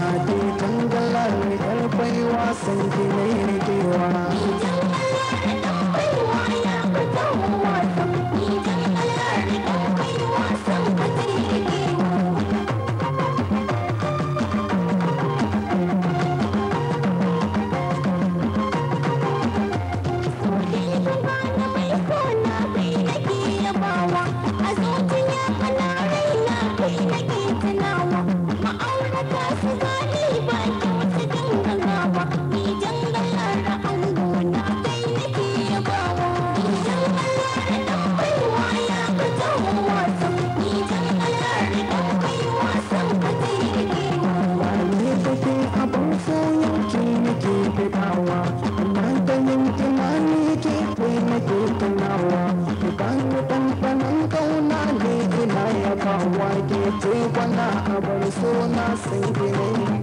daɗi tangalar ni ƴar baiwa san ki ne kewa wake ce kwana a bar suna sai gine.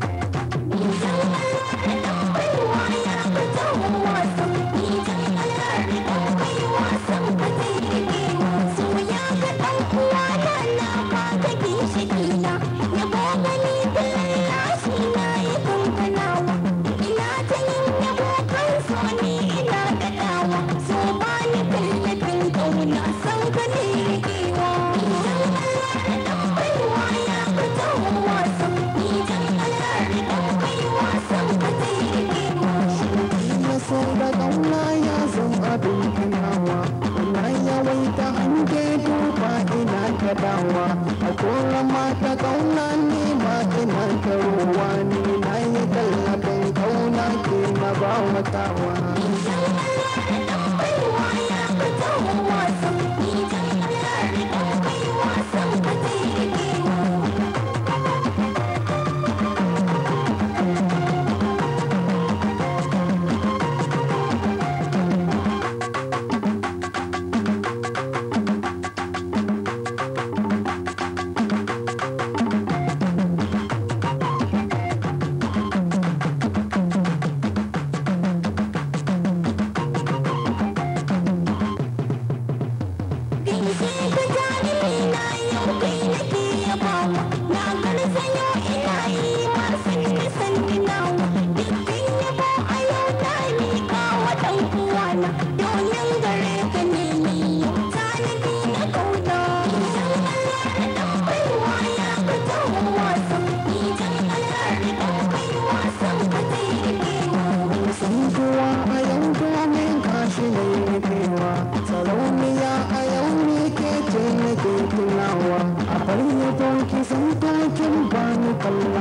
da ƙauna ya zan abin tunawa na yawaita hanke duba ina ta dawa a kora mata ƙauna ne ma ina ta ruwa ni na yi tallafin ƙauna ke na ba watawa. Don't give me, don't give me, don't give me.